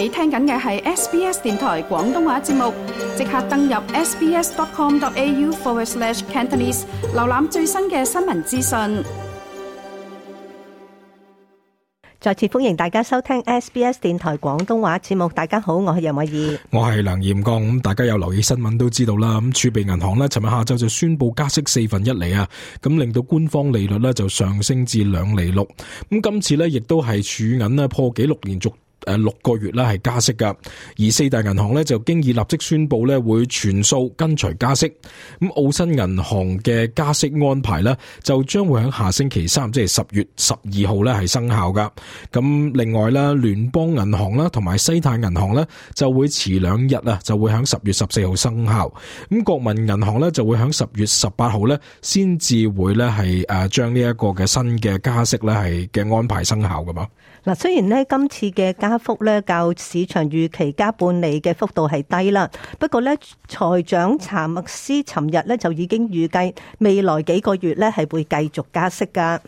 你聽緊嘅係 SBS 電台廣東話節目，即刻登入 sbs.com.au forward slash cantonese，瀏覽最新嘅新聞資訊。再次歡迎大家收聽 SBS 電台廣東話節目。大家好，我係楊可儀，我係梁豔剛。咁大家有留意新聞都知道啦。咁儲備銀行呢，尋日下晝就宣布加息四分一厘啊，咁令到官方利率呢就上升至兩厘六。咁今次呢亦都係儲銀呢破紀錄連續，誒，六個月啦，係加息噶，而四大銀行咧就經已立即宣布咧會全數跟隨加息。咁澳新銀行嘅加息安排咧就將會喺下星期三，即係十月十二號咧係生效噶。咁另外咧，聯邦銀行啦同埋西太銀行咧就會遲兩日啊，就會喺十月十四號生效。咁國民銀行咧就會喺十月十八號咧先至會咧係誒將呢一個嘅新嘅加息咧係嘅安排生效噶嘛。嗱，雖然咧今次嘅加幅咧較市場預期加半厘嘅幅度係低啦，不過咧財長查麥斯尋日咧就已經預計未來幾個月咧係會繼續加息噶。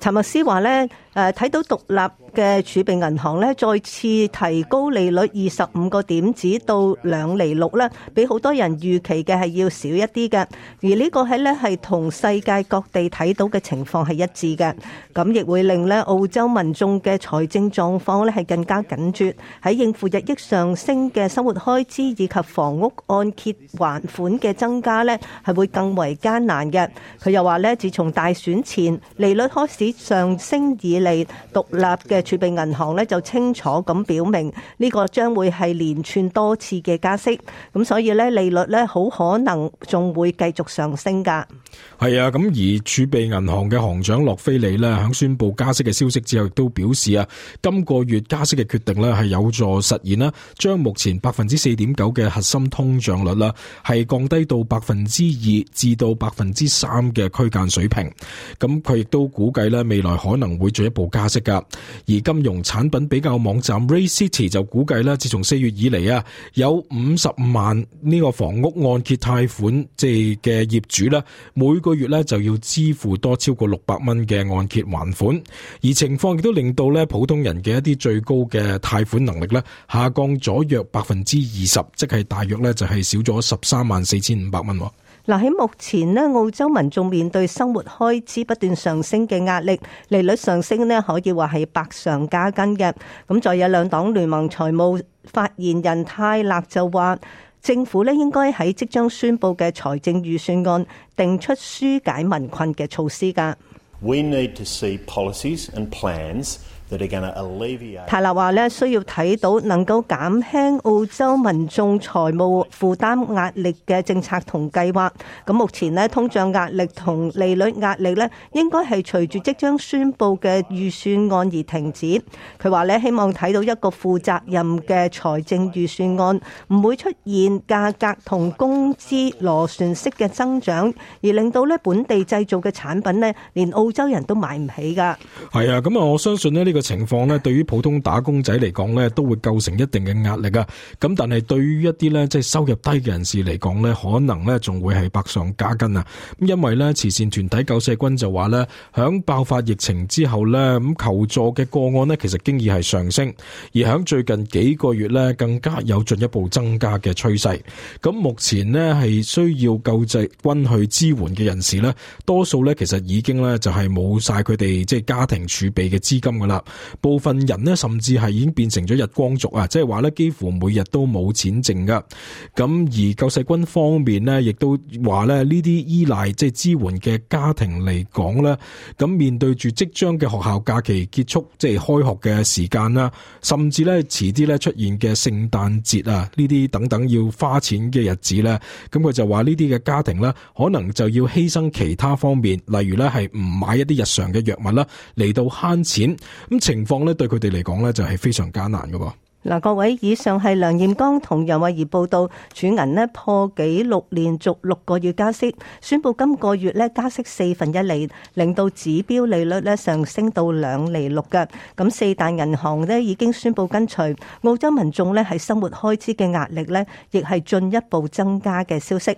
查默斯話呢睇到獨立嘅儲備銀行呢，再次提高利率二十五個點子到兩厘六呢比好多人預期嘅係要少一啲嘅。而呢個喺呢，係同世界各地睇到嘅情況係一致嘅。咁亦會令呢澳洲民眾嘅財政狀況呢係更加緊絀。喺應付日益上升嘅生活開支以及房屋按揭還款嘅增加呢，係會更為艱難嘅。佢又話呢自從大選前利率開始上升以嚟，獨立嘅儲備銀行咧就清楚咁表明，呢個將會係連串多次嘅加息。咁所以咧，利率咧好可能仲會繼續上升㗎。係啊，咁而儲備銀行嘅行長洛菲利咧喺宣布加息嘅消息之後，亦都表示啊，今個月加息嘅決定咧係有助實現啦，將目前百分之四點九嘅核心通脹率啦，係降低到百分之二至到百分之三嘅區間水平。咁佢。都估計咧，未來可能會進一步加息㗎。而金融產品比較網站 Ray City 就估計咧，自從四月以嚟啊，有五十萬呢個房屋按揭貸款，即係嘅業主咧，每個月咧就要支付多超過六百蚊嘅按揭還款。而情況亦都令到咧，普通人嘅一啲最高嘅貸款能力咧，下降咗約百分之二十，即係大約咧就係少咗十三萬四千五百蚊。嗱，喺目前呢澳洲民眾面對生活開支不斷上升嘅壓力，利率上升呢可以話係百上加斤嘅。咁再有兩黨聯盟財務發言人泰勒就話，政府呢應該喺即將宣布嘅財政預算案定出疏解民困嘅措施噶。We need to see policies and plans. 泰勒話咧，需要睇到能夠減輕澳洲民眾財務負擔壓力嘅政策同計劃。咁目前咧，通脹壓力同利率壓力咧，應該係隨住即將宣布嘅預算案而停止。佢話咧，希望睇到一個負責任嘅財政預算案，唔會出現價格同工資螺旋式嘅增長，而令到咧本地製造嘅產品咧，連澳洲人都買唔起㗎。係啊，咁啊，我相信咧、這、呢個。情況咧，對於普通打工仔嚟講咧，都會構成一定嘅壓力啊！咁但係對於一啲咧，即係收入低嘅人士嚟講咧，可能咧仲會係百上加斤啊！咁因為咧，慈善團體救世軍就話咧，響爆發疫情之後咧，咁求助嘅個案咧，其實經已係上升，而響最近幾個月咧，更加有進一步增加嘅趨勢。咁目前咧係需要救世軍去支援嘅人士咧，多數咧其實已經咧就係冇晒佢哋即係家庭儲備嘅資金噶啦。部分人呢甚至係已經變成咗日光族啊，即係話呢幾乎每日都冇錢剩噶。咁而救世軍方面呢，亦都話咧呢啲依賴即係支援嘅家庭嚟講呢，咁面對住即將嘅學校假期結束，即係開學嘅時間啦，甚至呢遲啲呢出現嘅聖誕節啊呢啲等等要花錢嘅日子呢。咁佢就話呢啲嘅家庭呢，可能就要犧牲其他方面，例如呢係唔買一啲日常嘅藥物啦，嚟到慳錢情況咧，對佢哋嚟講咧，就係非常艱難噶。嗱，各位，以上係梁艷剛同楊慧儀報道。儲銀咧，破紀錄連續六個月加息，宣布今個月咧，加息四分一厘，令到指標利率咧上升到兩厘六嘅。咁四大銀行咧，已經宣布跟隨。澳洲民眾咧，喺生活開支嘅壓力咧亦係進一步增加嘅消息。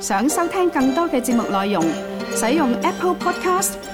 想收聽更多嘅節目內容，使用 Apple Podcast。